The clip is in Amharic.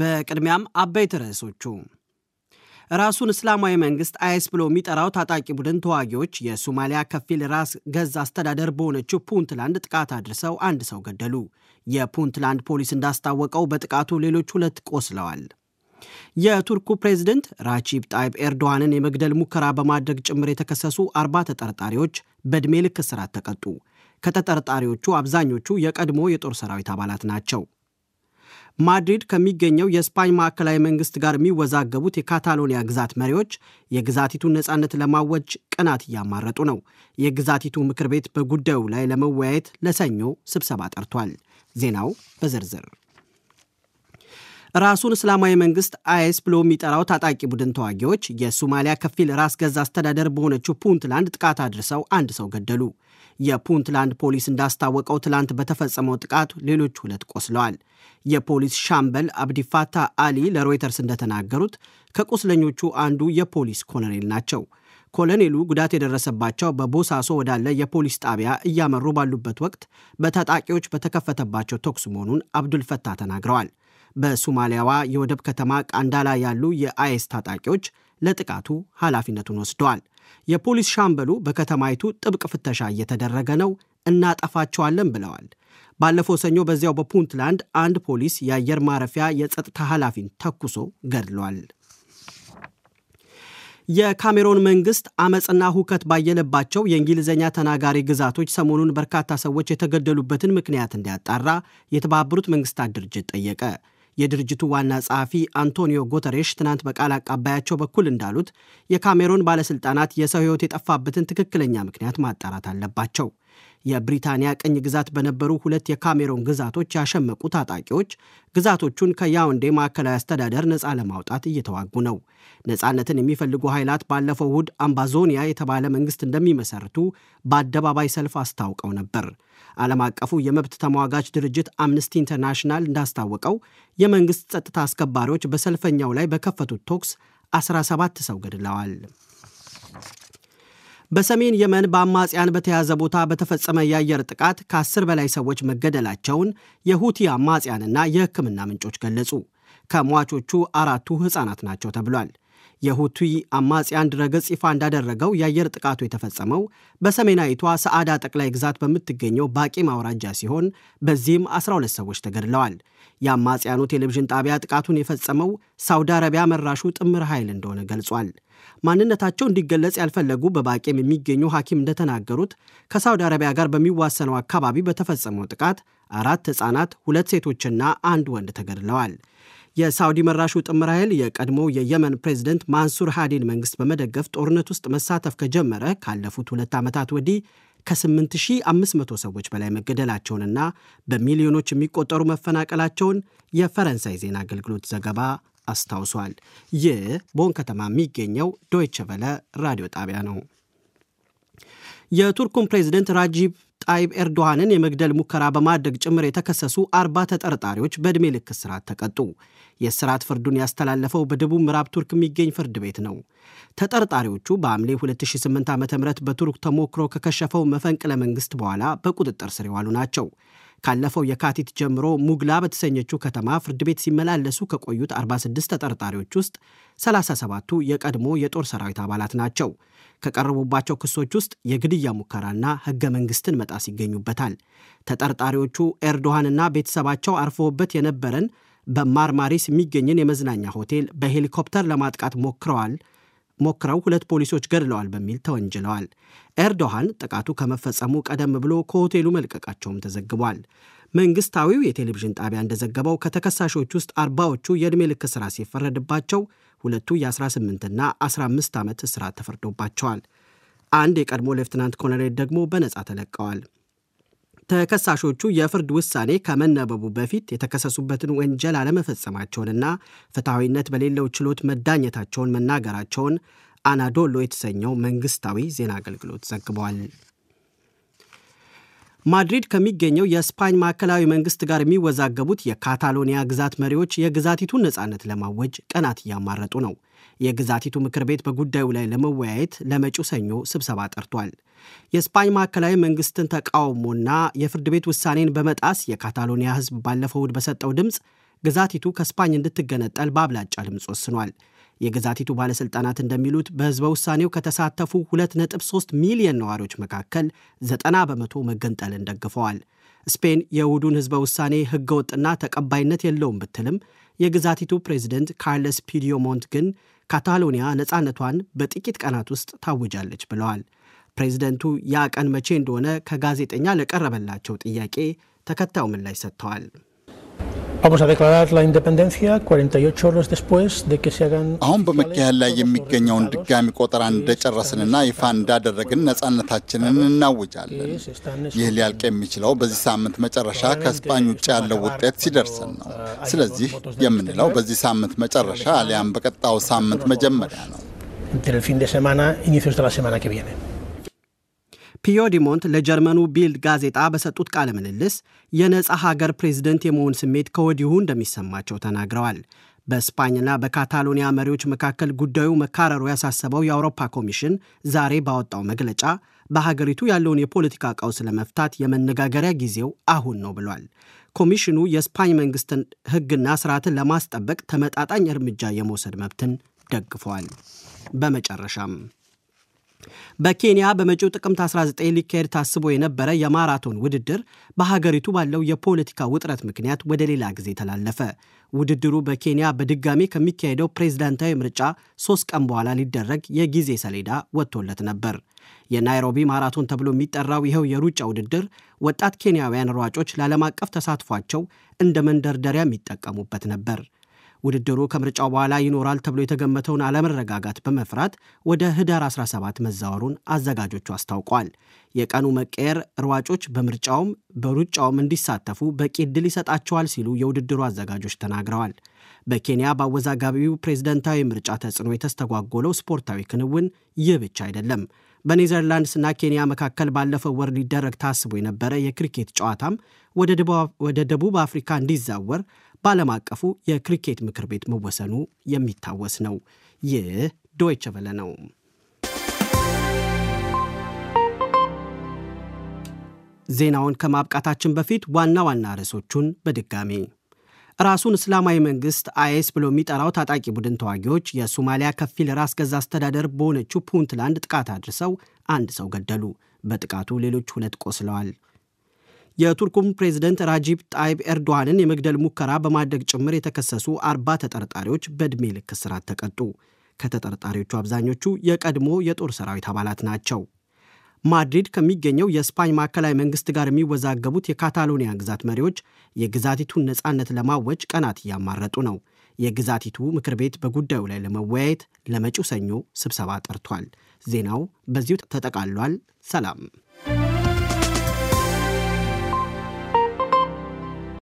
በቅድሚያም አበይት ርዕሶቹ ራሱን እስላማዊ መንግስት አይስ ብሎ የሚጠራው ታጣቂ ቡድን ተዋጊዎች የሶማሊያ ከፊል ራስ ገዝ አስተዳደር በሆነችው ፑንትላንድ ጥቃት አድርሰው አንድ ሰው ገደሉ። የፑንትላንድ ፖሊስ እንዳስታወቀው በጥቃቱ ሌሎች ሁለት ቆስለዋል። የቱርኩ ፕሬዝደንት ራቺብ ጣይብ ኤርዶዋንን የመግደል ሙከራ በማድረግ ጭምር የተከሰሱ አርባ ተጠርጣሪዎች በዕድሜ ልክ እስራት ተቀጡ። ከተጠርጣሪዎቹ አብዛኞቹ የቀድሞ የጦር ሰራዊት አባላት ናቸው። ማድሪድ ከሚገኘው የስፓኝ ማዕከላዊ መንግስት ጋር የሚወዛገቡት የካታሎኒያ ግዛት መሪዎች የግዛቲቱን ነፃነት ለማወጅ ቀናት እያማረጡ ነው። የግዛቲቱ ምክር ቤት በጉዳዩ ላይ ለመወያየት ለሰኞ ስብሰባ ጠርቷል። ዜናው በዝርዝር ራሱን እስላማዊ መንግስት አይስ ብሎ የሚጠራው ታጣቂ ቡድን ተዋጊዎች የሶማሊያ ከፊል ራስ ገዝ አስተዳደር በሆነችው ፑንትላንድ ጥቃት አድርሰው አንድ ሰው ገደሉ። የፑንትላንድ ፖሊስ እንዳስታወቀው ትላንት በተፈጸመው ጥቃት ሌሎች ሁለት ቆስለዋል። የፖሊስ ሻምበል አብዲፋታ አሊ ለሮይተርስ እንደተናገሩት ከቁስለኞቹ አንዱ የፖሊስ ኮሎኔል ናቸው። ኮሎኔሉ ጉዳት የደረሰባቸው በቦሳሶ ወዳለ የፖሊስ ጣቢያ እያመሩ ባሉበት ወቅት በታጣቂዎች በተከፈተባቸው ተኩስ መሆኑን አብዱልፈታ ተናግረዋል። በሱማሊያዋ የወደብ ከተማ ቃንዳላ ያሉ የአይስ ታጣቂዎች ለጥቃቱ ኃላፊነቱን ወስደዋል። የፖሊስ ሻምበሉ በከተማይቱ ጥብቅ ፍተሻ እየተደረገ ነው፣ እናጠፋቸዋለን ብለዋል። ባለፈው ሰኞ በዚያው በፑንትላንድ አንድ ፖሊስ የአየር ማረፊያ የጸጥታ ኃላፊን ተኩሶ ገድሏል። የካሜሮን መንግስት አመፅና ሁከት ባየለባቸው የእንግሊዝኛ ተናጋሪ ግዛቶች ሰሞኑን በርካታ ሰዎች የተገደሉበትን ምክንያት እንዲያጣራ የተባበሩት መንግስታት ድርጅት ጠየቀ። የድርጅቱ ዋና ጸሐፊ አንቶኒዮ ጉተሬሽ ትናንት በቃል አቃባያቸው በኩል እንዳሉት የካሜሩን ባለሥልጣናት የሰው ሕይወት የጠፋበትን ትክክለኛ ምክንያት ማጣራት አለባቸው። የብሪታንያ ቅኝ ግዛት በነበሩ ሁለት የካሜሮን ግዛቶች ያሸመቁ ታጣቂዎች ግዛቶቹን ከያውንዴ ማዕከላዊ አስተዳደር ነፃ ለማውጣት እየተዋጉ ነው። ነፃነትን የሚፈልጉ ኃይላት ባለፈው እሁድ አምባዞኒያ የተባለ መንግስት እንደሚመሰርቱ በአደባባይ ሰልፍ አስታውቀው ነበር። ዓለም አቀፉ የመብት ተሟጋች ድርጅት አምነስቲ ኢንተርናሽናል እንዳስታወቀው የመንግስት ጸጥታ አስከባሪዎች በሰልፈኛው ላይ በከፈቱት ተኩስ 17 ሰው ገድለዋል። በሰሜን የመን በአማጽያን በተያዘ ቦታ በተፈጸመ የአየር ጥቃት ከአስር በላይ ሰዎች መገደላቸውን የሁቲ አማጽያንና የሕክምና ምንጮች ገለጹ። ከሟቾቹ አራቱ ሕፃናት ናቸው ተብሏል። የሁቱ አማጽያን ድረገጽ ይፋ እንዳደረገው የአየር ጥቃቱ የተፈጸመው በሰሜናዊቷ ሰዓዳ ጠቅላይ ግዛት በምትገኘው ባቂም አውራጃ ሲሆን በዚህም 12 ሰዎች ተገድለዋል። የአማጽያኑ ቴሌቪዥን ጣቢያ ጥቃቱን የፈጸመው ሳውዲ አረቢያ መራሹ ጥምር ኃይል እንደሆነ ገልጿል። ማንነታቸው እንዲገለጽ ያልፈለጉ በባቂም የሚገኙ ሐኪም እንደተናገሩት ከሳውዲ አረቢያ ጋር በሚዋሰነው አካባቢ በተፈጸመው ጥቃት አራት ሕፃናት፣ ሁለት ሴቶችና አንድ ወንድ ተገድለዋል። የሳውዲ መራሹ ጥምር ኃይል የቀድሞው የየመን ፕሬዝደንት ማንሱር ሃዲን መንግስት በመደገፍ ጦርነት ውስጥ መሳተፍ ከጀመረ ካለፉት ሁለት ዓመታት ወዲህ ከ8500 ሰዎች በላይ መገደላቸውንና በሚሊዮኖች የሚቆጠሩ መፈናቀላቸውን የፈረንሳይ ዜና አገልግሎት ዘገባ አስታውሷል። ይህ ቦን ከተማ የሚገኘው ዶይቸ ቨለ ራዲዮ ጣቢያ ነው። የቱርኩን ፕሬዝደንት ራጂብ ጣይብ ኤርዶሃንን የመግደል ሙከራ በማድረግ ጭምር የተከሰሱ አርባ ተጠርጣሪዎች በዕድሜ ልክ እስራት ተቀጡ። የእስራት ፍርዱን ያስተላለፈው በደቡብ ምዕራብ ቱርክ የሚገኝ ፍርድ ቤት ነው። ተጠርጣሪዎቹ በሐምሌ 2008 ዓ ም በቱርክ ተሞክሮ ከከሸፈው መፈንቅለ መንግስት በኋላ በቁጥጥር ስር የዋሉ ናቸው። ካለፈው የካቲት ጀምሮ ሙግላ በተሰኘችው ከተማ ፍርድ ቤት ሲመላለሱ ከቆዩት 46 ተጠርጣሪዎች ውስጥ 37ቱ የቀድሞ የጦር ሰራዊት አባላት ናቸው። ከቀረቡባቸው ክሶች ውስጥ የግድያ ሙከራና ሕገ መንግስትን መጣስ ይገኙበታል። ተጠርጣሪዎቹ ኤርዶሃንና ቤተሰባቸው አርፎበት የነበረን በማርማሪስ የሚገኝን የመዝናኛ ሆቴል በሄሊኮፕተር ለማጥቃት ሞክረዋል ሞክረው ሁለት ፖሊሶች ገድለዋል በሚል ተወንጅለዋል። ኤርዶሃን ጥቃቱ ከመፈጸሙ ቀደም ብሎ ከሆቴሉ መልቀቃቸውም ተዘግቧል። መንግስታዊው የቴሌቪዥን ጣቢያ እንደዘገበው ከተከሳሾች ውስጥ አርባዎቹ የዕድሜ ልክ ሥራ ሲፈረድባቸው ሁለቱ የ18ና 15 ዓመት እስራት ተፈርዶባቸዋል። አንድ የቀድሞ ሌፍትናንት ኮሎኔል ደግሞ በነጻ ተለቀዋል። ተከሳሾቹ የፍርድ ውሳኔ ከመነበቡ በፊት የተከሰሱበትን ወንጀል አለመፈጸማቸውንና ፍትሐዊነት በሌለው ችሎት መዳኘታቸውን መናገራቸውን አናዶሎ የተሰኘው መንግስታዊ ዜና አገልግሎት ዘግቧል። ማድሪድ ከሚገኘው የስፓኝ ማዕከላዊ መንግስት ጋር የሚወዛገቡት የካታሎኒያ ግዛት መሪዎች የግዛቲቱን ነፃነት ለማወጅ ቀናት እያማረጡ ነው። የግዛቲቱ ምክር ቤት በጉዳዩ ላይ ለመወያየት ለመጪው ሰኞ ስብሰባ ጠርቷል። የስፓኝ ማዕከላዊ መንግስትን ተቃውሞና የፍርድ ቤት ውሳኔን በመጣስ የካታሎኒያ ህዝብ ባለፈው እሁድ በሰጠው ድምፅ ግዛቲቱ ከስፓኝ እንድትገነጠል በአብላጫ ድምፅ ወስኗል። የግዛቲቱ ባለሥልጣናት እንደሚሉት በሕዝበ ውሳኔው ከተሳተፉ 2.3 ሚሊዮን ነዋሪዎች መካከል 90 በመቶ መገንጠልን ደግፈዋል። ስፔን የእሁዱን ሕዝበ ውሳኔ ሕገወጥና ተቀባይነት የለውም ብትልም የግዛቲቱ ፕሬዚደንት ካርለስ ፒዲዮሞንት ግን ካታሎኒያ ነፃነቷን በጥቂት ቀናት ውስጥ ታውጃለች ብለዋል። ፕሬዚደንቱ ያ ቀን መቼ እንደሆነ ከጋዜጠኛ ለቀረበላቸው ጥያቄ ተከታዩ ምላሽ ሰጥተዋል። Vamos a declarar la independencia 48 horas después de que se hagan አሁን በመካሄድ ላይ የሚገኘውን ድጋሚ ቆጠራ እንደጨረስንና ይፋ እንዳደረግን ነጻነታችንን እናውጃለን። ይህ ሊያልቅ የሚችለው በዚህ ሳምንት መጨረሻ ከስፓኝ ውጭ ያለው ውጤት ሲደርስን ነው። ስለዚህ የምንለው በዚህ ሳምንት መጨረሻ አሊያም በቀጣው ሳምንት መጀመሪያ ነው። ፒዮዲሞንት ለጀርመኑ ቢልድ ጋዜጣ በሰጡት ቃለ ምልልስ የነጻ ሀገር ፕሬዝደንት የመሆን ስሜት ከወዲሁ እንደሚሰማቸው ተናግረዋል። በስፓኝና በካታሎኒያ መሪዎች መካከል ጉዳዩ መካረሩ ያሳሰበው የአውሮፓ ኮሚሽን ዛሬ ባወጣው መግለጫ በሀገሪቱ ያለውን የፖለቲካ ቀውስ ለመፍታት የመነጋገሪያ ጊዜው አሁን ነው ብሏል። ኮሚሽኑ የስፓኝ መንግስትን ሕግና ስርዓትን ለማስጠበቅ ተመጣጣኝ እርምጃ የመውሰድ መብትን ደግፏል። በመጨረሻም በኬንያ በመጪው ጥቅምት 19 ሊካሄድ ታስቦ የነበረ የማራቶን ውድድር በሀገሪቱ ባለው የፖለቲካ ውጥረት ምክንያት ወደ ሌላ ጊዜ ተላለፈ። ውድድሩ በኬንያ በድጋሚ ከሚካሄደው ፕሬዝዳንታዊ ምርጫ ሶስት ቀን በኋላ ሊደረግ የጊዜ ሰሌዳ ወጥቶለት ነበር። የናይሮቢ ማራቶን ተብሎ የሚጠራው ይኸው የሩጫ ውድድር ወጣት ኬንያውያን ሯጮች ለዓለም አቀፍ ተሳትፏቸው እንደ መንደርደሪያ የሚጠቀሙበት ነበር። ውድድሩ ከምርጫው በኋላ ይኖራል ተብሎ የተገመተውን አለመረጋጋት በመፍራት ወደ ህዳር 17 መዛወሩን አዘጋጆቹ አስታውቋል። የቀኑ መቀየር ሯጮች በምርጫውም በሩጫውም እንዲሳተፉ በቂ እድል ይሰጣቸዋል ሲሉ የውድድሩ አዘጋጆች ተናግረዋል። በኬንያ በአወዛጋቢው ፕሬዝደንታዊ ምርጫ ተጽዕኖ የተስተጓጎለው ስፖርታዊ ክንውን ይህ ብቻ አይደለም። በኔዘርላንድስና ኬንያ መካከል ባለፈው ወር ሊደረግ ታስቦ የነበረ የክሪኬት ጨዋታም ወደ ደቡብ አፍሪካ እንዲዛወር በዓለም አቀፉ የክሪኬት ምክር ቤት መወሰኑ የሚታወስ ነው። ይህ ዶይቸ ቨለ ነው። ዜናውን ከማብቃታችን በፊት ዋና ዋና ርዕሶቹን በድጋሜ ራሱን እስላማዊ መንግስት አይስ ብሎ የሚጠራው ታጣቂ ቡድን ተዋጊዎች የሶማሊያ ከፊል ራስ ገዛ አስተዳደር በሆነችው ፑንትላንድ ጥቃት አድርሰው አንድ ሰው ገደሉ። በጥቃቱ ሌሎች ሁለት ቆስለዋል። የቱርኩም ፕሬዝደንት ራጂብ ጣይብ ኤርዶዋንን የመግደል ሙከራ በማድረግ ጭምር የተከሰሱ አርባ ተጠርጣሪዎች በዕድሜ ልክ እስራት ተቀጡ። ከተጠርጣሪዎቹ አብዛኞቹ የቀድሞ የጦር ሰራዊት አባላት ናቸው። ማድሪድ ከሚገኘው የስፓኝ ማዕከላዊ መንግስት ጋር የሚወዛገቡት የካታሎኒያ ግዛት መሪዎች የግዛቲቱን ነፃነት ለማወጅ ቀናት እያማረጡ ነው። የግዛቲቱ ምክር ቤት በጉዳዩ ላይ ለመወያየት ለመጪው ሰኞ ስብሰባ ጠርቷል። ዜናው በዚሁ ተጠቃሏል። ሰላም።